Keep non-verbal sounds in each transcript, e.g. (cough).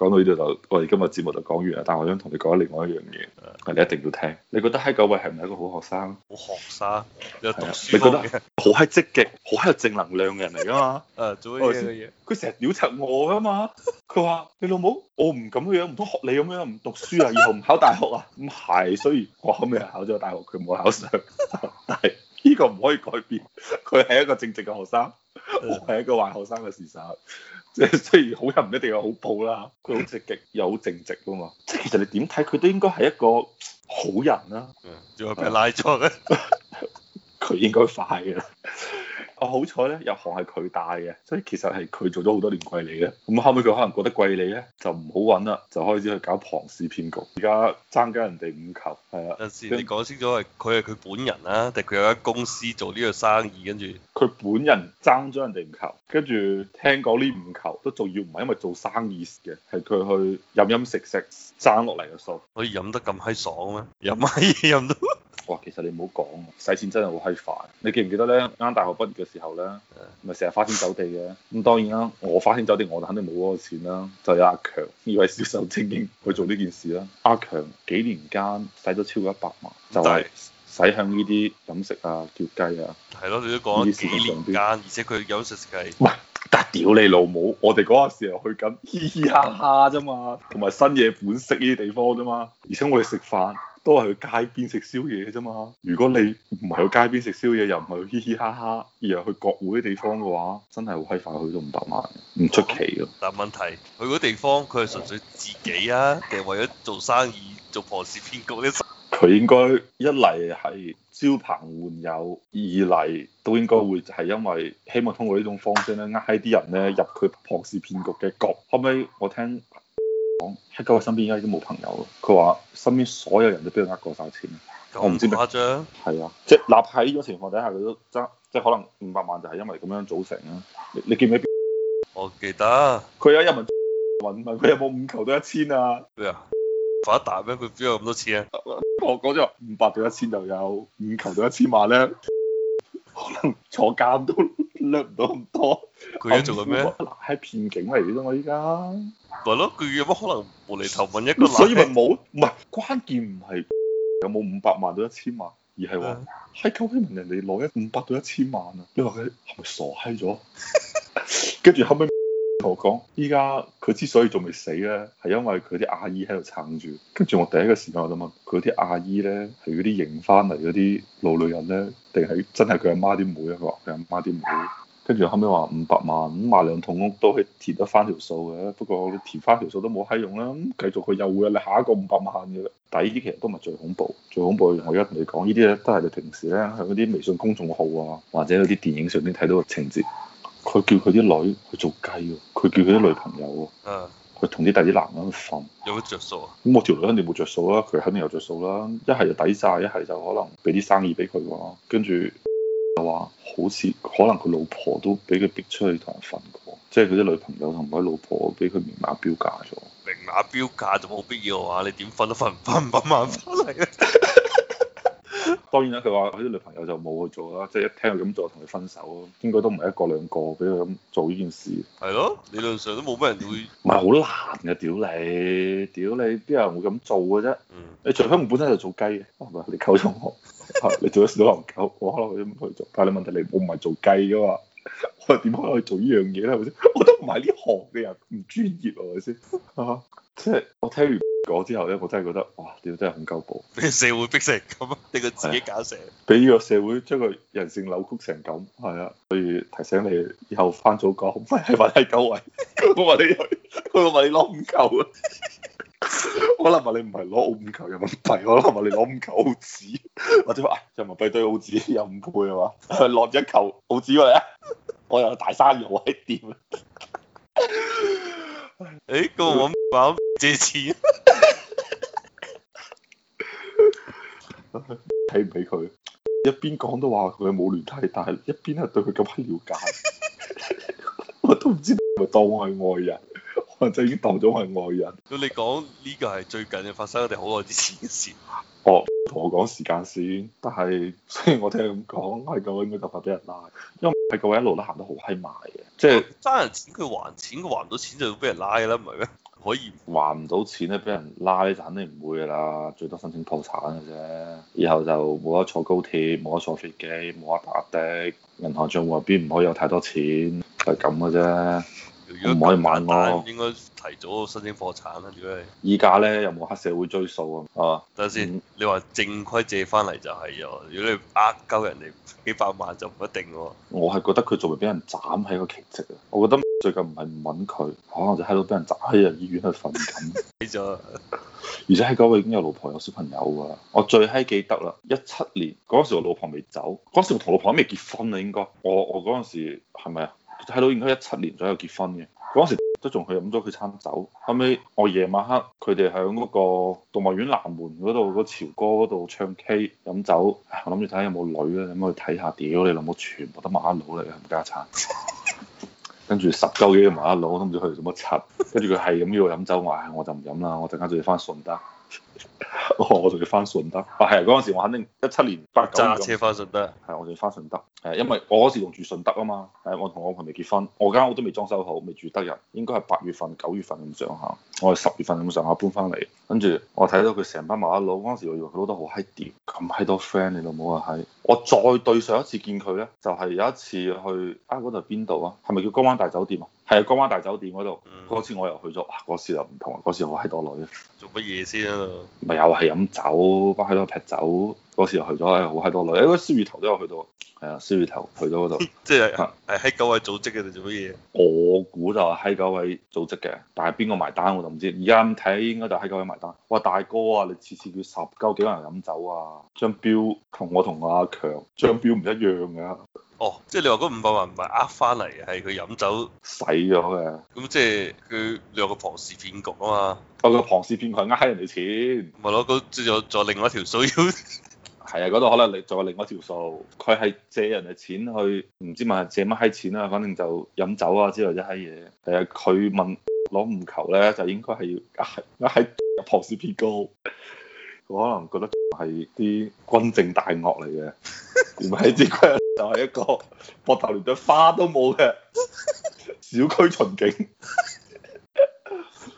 講到呢度就我哋今日節目就講完啦，但係我想同你講另外一樣嘢，的你一定要聽。你覺得喺九位係唔係一個好學生？好學生，有讀書。你覺得好閪積極，好閪 (laughs) 有正能量嘅人嚟噶嘛？誒、啊，做呢啲嘢，佢成日屌柒我噶是、啊、嘛？佢話 (laughs) 你老母，我唔咁樣，唔通學你咁樣，唔讀書啊，以後唔考大學啊。咁係， (laughs) 所以我後尾考咗大學，佢冇考上。 (laughs) 但係呢、這個唔可以改變，佢係一個正直嘅學生，我係一個壞學生嘅事實。即 (laughs) 雖然好人唔一定有好報啦，佢好積極又好正直噶嘛，即係其實你點睇佢都應該係一個好人啦、啊。嗯， (laughs) 仲有咩拉咗嘅？佢應該快㗎。啊好彩咧，入行係佢帶嘅，所以其實係佢做咗好多年貴利嘅。咁後尾佢可能覺得貴利咧就唔好揾啦，就開始去搞龐氏騙局。而家爭緊人哋五球，係啊。你講清楚係佢係佢本人啦，定佢有間公司做呢個生意，跟住佢本人爭咗人哋五球，跟住聽講呢五球都仲要唔係因為做生意嘅，係佢去飲飲食食爭落嚟嘅數。可以飲得咁閪爽咩？飲乜嘢？飲到～其實你唔好講，使錢真係好閪煩。你記唔記得咧？啱大學畢業嘅時候咧，咪成日花天酒地嘅。咁當然啦、啊，我花天酒地，我肯定冇嗰個錢啦、啊。就有阿強呢位銷售精英去做呢件事啦、啊。阿強幾年間使咗超過一百萬，是就係使向呢啲飲食啊、叫雞啊。係咯，你都講咗幾年間，而且佢有食雞。喂，係，屌你老母，我哋嗰個時候去緊嘻嘻哈哈啫嘛，同埋新嘢本色呢啲地方啫嘛，而且我哋食飯。都係去街邊食宵夜啫嘛！如果你唔係去街邊食宵夜，又唔係去嘻嘻哈哈，而係去國會啲地方嘅話，真係好閪快去到五百萬，唔出奇咯。但問題，去嗰地方，佢係純粹自己啊，定係為咗做生意做龐氏騙局？佢應該一嚟係招朋換友，二嚟都應該會係因為希望通過呢種方式咧，壓啲人咧入佢龐氏騙局嘅局。後尾我聽。講喺九，我身邊依家都冇朋友。佢話身邊所有人都俾佢呃過晒錢，我唔知點誇張係啊，即係立喺咗情況底下，佢都爭，即係可能五百萬就係因為咁樣組成啊。你你記唔記得？我記得，佢有一日問問，佢有冇五球到一千啊？咩啊？發一彈咩？佢邊有咁多錢啊？ (laughs) 我講咗五百到一千就有，五球到一千萬咧。可能坐監都掠唔到咁多，佢而家做緊咩？係騙警嚟嘅啫嘛！我依家咪咯，佢有乜可能無厘頭問一個？所以咪冇，唔係關鍵唔係有冇五百萬到一千萬，而係話係究竟問人哋攞一五百到一千萬啊？你話佢係咪傻閪咗？跟住後尾。我講依家佢之所以仲未死咧，係因為佢啲阿姨喺度撐住。跟住我第一個時間我就問佢啲阿姨咧，係嗰啲認翻嚟嗰啲老女人咧，定係真係佢阿媽啲妹？佢話佢阿媽啲妹？跟住後尾話五百萬，五萬兩桶屋都係填得翻條數嘅。不過你填翻條數都冇閪用啦，咁繼續佢又會有你下一個五百萬嘅。但呢啲其實都唔係最恐怖，最恐怖我而家同你講，呢啲咧都係你平時咧喺嗰啲微信公眾號啊，或者嗰啲電影上邊睇到嘅情節。佢叫佢啲女去做雞喎，佢叫佢啲女朋友，佢同啲第啲男人瞓有冇着數啊？咁我條女肯定冇着數啦，佢肯定有着數啦。一係就抵債，一係就可能俾啲生意俾佢咯。跟住 (laughs) 就話好似可能佢老婆都俾佢逼出去同人瞓過，即係佢啲女朋友同佢老婆俾佢明碼標價咗，明碼標價就冇必要啊！你點瞓都瞓唔翻五百萬翻嚟。 (laughs) 當然啦，佢話佢啲女朋友就冇去做啦，即係一聽佢咁做，同佢分手咯。應該都唔係一個兩個俾佢咁做呢件事。係咯，理論上都冇咩人會唔係好難嘅，屌你，屌你，邊有人會咁做嘅啫？你除非我本身就做雞嘅，唔、啊、係你溝通我、啊，你做咗小狼狗，我可能可以去做。但係你問題，你我唔係做雞嘅嘛，我點可以去做呢樣嘢咧？我覺得唔係呢行嘅人唔專業，係咪先？即係我聽完。我之後咧，我真係覺得哇，點真係唔夠補。俾社會逼成咁，你個自己搞成。俾呢個社會將佢人性扭曲成咁，係啊，所以提醒你以後翻早講，唔係係問係九位，我話你，佢話你攞五球啊？可能話你唔係攞五球有問題，可能話你攞五球澳紙，或者話人民幣兌澳紙有唔配啊。嘛？落咗球澳紙嚟啊！我有大三羊，位係點啊？誒，咁我搵借錢。睇唔起佢，一邊講都話佢冇聯繫，但係一邊係對佢咁樣了解， (laughs) (laughs) 我都唔知係咪當我係外人，或者已經當咗我係外人。你講呢個係最近嘅發生，定好耐之前嘅事啊？ (laughs) 哦，同我講時間先。但係，雖然我聽咁講，阿咁應該就快俾人拉，因為嗰位一路都行得好閪埋嘅，即係爭人錢佢還錢，佢還唔到錢，錢就要俾人拉嘅啦，唔係咩？可以還唔到錢咧，俾人拉就肯定唔會㗎啦，最多申請破產嘅啫。以後就冇得坐高鐵，冇得坐飛機，冇得打的。銀行帳戶入邊唔可以有太多錢，係咁嘅啫。唔如果 可以萬鈅，應該提早申請破產啦，如果咧。依家咧又冇黑社會追數啊？啊是，等先、嗯，你話正規借翻嚟就係啊。如果你呃鳩人哋幾百萬就唔一定喎、啊。我係覺得佢仲未俾人斬係一個奇蹟啊！我覺得。最近唔係唔揾佢，可能就喺度俾人扎喺醫院度瞓緊，死咗。而且喺嗰度已經有老婆有小朋友噶啦。我最閪記得啦，一七年嗰陣時我老婆未走，嗰陣時我同老婆咩未結婚啊，應該。我我嗰陣時係咪啊？睇到應該一七年左右結婚嘅，嗰陣時都仲去飲咗佢餐酒。後尾我夜晚黑佢哋響嗰個動物園南門嗰度，嗰、嗰個、潮歌嗰度唱 K 飲酒。我諗住睇下有冇女咧，咁去睇下。屌你老母，到全部都馬佬嚟，冚家鏟！ (laughs) 跟住十鳩幾都冇一攞，我都唔知佢做乜七。跟住佢係咁要我飲酒，我唉我就唔飲啦，我陣間仲要翻順德。 (laughs) 我我仲要翻順德，係嗰陣時我肯定一七年八九。揸車翻順德。係，我仲要翻順德。誒，因為我嗰時仲住順德啊嘛，誒，我同我朋未結婚，我間屋都未裝修好，未住得入，應該係八月份、九月份咁上下，我係十月份咁上下搬翻嚟，跟住我睇到佢成班麻甩佬，嗰時我以為佢都好閪掂，咁閪多 friend 你老母啊，閪，我再對上一次見佢咧，就係、是、有一次去啊嗰度邊度啊，係、哎、咪叫江灣大酒店啊？係啊，江灣大酒店嗰度，嗰次我又去咗，嗰、啊、時又唔同，嗰時好閪多女，啊。做乜嘢先啊？咪又係飲酒，翻喺度劈酒。嗰時去咗係好閪多女，誒個燒魚頭都有去到，係啊燒魚頭去咗嗰度，即係喺九位組織嘅定做乜嘢？我估就係喺九位組織嘅，但係邊個埋單我就唔知。而家咁睇應該就喺九位埋單。哇大哥啊，你次次叫十鳩幾個人飲酒啊？張表同我同阿強張表唔一樣㗎。哦，即、就、係、是、你話嗰五百萬唔係呃翻嚟，係佢飲酒使咗嘅。咁即係佢你話個龐氏騙局啊嘛？個龐氏局騙局呃人哋錢，咪咯、那個？嗰即係再另外一條水 (laughs) 係啊，嗰度可能你仲有另外一條數，佢係借人嘅錢去唔知問借乜閪錢啊，反正就飲酒啊之類一閪嘢。啊，佢問攞唔求咧，就應該係要啊喺啊喺入破事騙局。佢可能覺得係啲、啊、軍政大鱷嚟嘅，唔係隻鬼就係、是、一個膊頭連朵花都冇嘅小區巡警。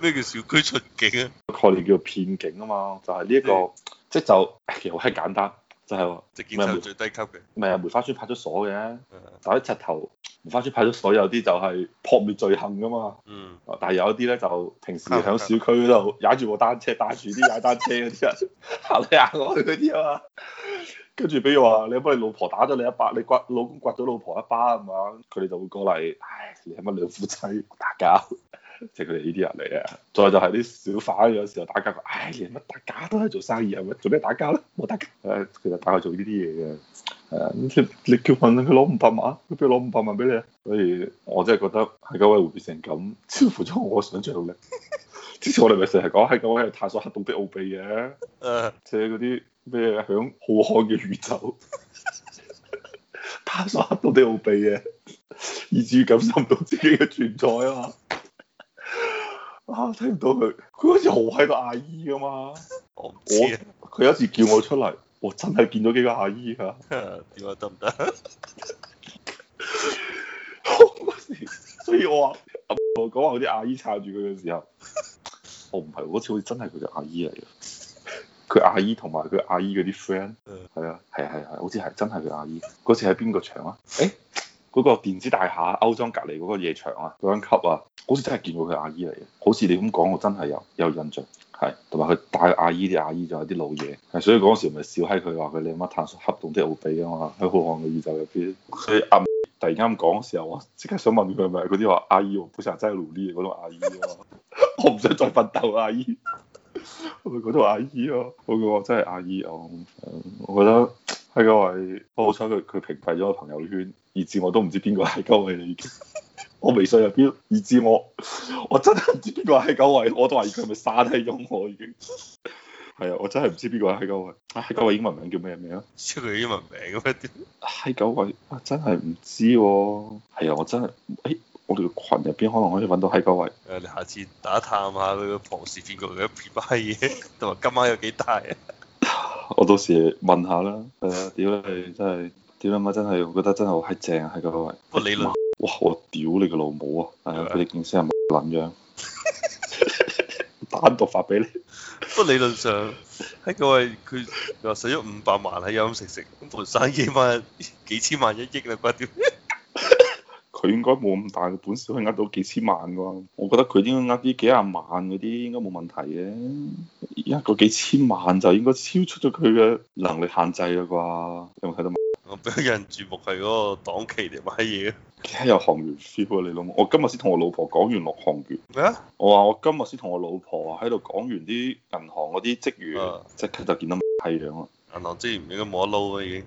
咩叫小區巡警啊？概念叫做片警啊嘛，就係呢一個。嗯嗯嗯即就又係簡單，就係唔係最低級嘅？唔係啊，梅花村派出所嘅，嗯、打啲赤頭梅花村派出所有啲就係撲滅罪行噶嘛。嗯。但係有一啲咧就平時喺小區度踩住部單車，帶住啲踩單車嗰啲人行嚟行去嗰啲啊嘛。跟住比如話，你幫你老婆打咗你一巴，你刮老公刮咗老婆一巴咁樣，佢哋就會過嚟，唉，你係咪兩夫妻打交？即係佢哋呢啲人嚟嘅，再就係啲小販，有時候打交，唉、哎，連乜打交都係做生意，係咪？做咩打交咧？冇打交，誒，其實打佢做呢啲嘢嘅，係啊！你你叫問佢攞五百萬，佢邊度攞五百萬俾你啊？所以，我真係覺得喺九位會變成咁，超乎咗我想象力。之前我哋咪成日講喺九位係探索黑洞的奧秘嘅、啊，誒，即係嗰啲咩響浩瀚嘅宇宙 (laughs) 探索黑洞的奧秘嘅、啊，以至於感受唔到自己嘅存在啊！啊！聽唔到佢，佢好似好喺個阿姨噶嘛。我佢有、啊、一次叫我出嚟，我真係見到幾個阿姨吓、啊。點話得唔得？所以我，我話我講話啲阿姨撐住佢嘅時候，我唔係嗰次好似真係佢嘅阿姨嚟。嘅。佢阿姨同埋佢阿姨嗰啲 friend，係啊係係係，好似係真係佢阿姨。嗰次喺邊個場啊？誒、欸。嗰個電子大廈歐莊隔離嗰個夜場啊，嗰間級啊，好似真係見到佢阿姨嚟嘅。好似你咁講，我真係有有印象，係同埋佢帶阿姨啲阿姨就係啲老嘢，係所以嗰陣時咪笑閪佢話佢你阿媽探索黑洞啲奧秘啊嘛，喺浩瀚嘅宇宙入邊。佢暗突然間講嘅時候，我即刻想問佢係咪嗰啲話阿姨，本身係真係努力啲嗰種，種阿姨啊！我唔想再奮鬥阿姨，佢嗰種阿姨咯，我覺得真係阿姨哦。我覺得喺個位，我好彩佢佢屏蔽咗朋友圈。以至我都唔知邊個係九位啦已經， (laughs) 我微信入邊，以至我我真係唔知邊個係九位，我都懷疑佢係咪刪低咗我已經。 (laughs) 係啊，我真係唔知邊個係九位。啊，九位英文名叫咩名啊？出嚟英文名咁樣點？九位啊，位我真係唔知，啊。係啊，我真係，誒、哎，我哋個群入邊可能可以搵到九位。誒、啊，你下次打探下佢傍侍邊個嘅皮包嘢，同埋今晚有幾大啊？ (laughs) 我到時問下啦。係啊，屌你真係。 (laughs) 點啊嘛！真係，我覺得真係好閪正，係個位。 (laughs) 哇！我屌你個老母啊！哎啊的，佢哋見識係冇捻樣，單獨發俾你。不理論上，喺個位佢又使咗五百萬喺飲食食咁，本生幾萬、幾千萬一億、一億啦啩？佢應該冇咁大嘅本事可以呃到幾千萬噶。我覺得佢應該呃啲幾廿萬嗰啲應該冇問題嘅。一個幾千萬就應該超出咗佢嘅能力限制啦啩？有冇睇到？我俾人注目係嗰個檔期嚟買嘢，而家有行員 feel 啊！你老母，我今日先同我老婆講完落行員。咩啊？我話我今日先同我老婆喺度講完啲銀行嗰啲職員，即刻就見到樣啊！銀行即係唔應該冇得撈啊，已經，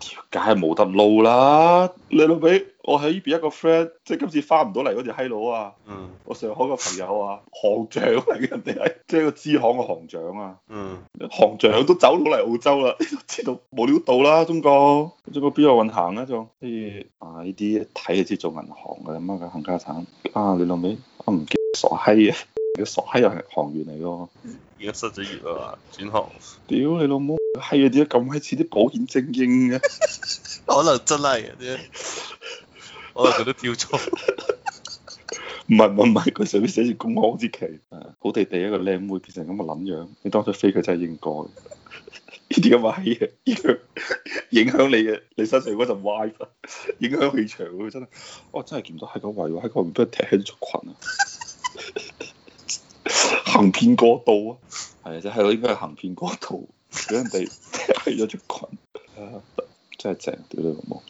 條街係冇得撈啦。你老味，我喺呢邊一個 friend，即係今次翻唔到嚟嗰隻閪佬啊。嗯。我上海個朋友啊，行長嚟嘅，人哋係即係個支行個行長啊。嗯。行長都走唔到嚟澳洲啦，嗯、都知道冇料到啦，中國。中國邊度運行、嗯、啊？仲，譬如啊，呢啲睇就知做銀行嘅啦，乜嘅行家產。啊，你老味，我唔記得傻閪啊！你傻閪又係行員嚟噶喎。而家失咗業啊嘛，轉行。屌你老母，係啊！點解咁閪似啲保險精英嘅？可能真係嘅啫，可能佢都跳錯。唔係唔係佢上面寫住公安之奇，好地地一個靚妹變成咁嘅諗樣，你當初飛佢真係應該。呢啲咁嘅閪嘢，影響你嘅你身上嗰陣 vibe，影響氣場真係。我真係唔得喺個位喎，喺個唔俾人踢出羣啊！ (laughs) 行騙過度啊，係啊，即係咯，應該係行騙過度，俾人哋踢咗出群，真係正屌你老母！嗯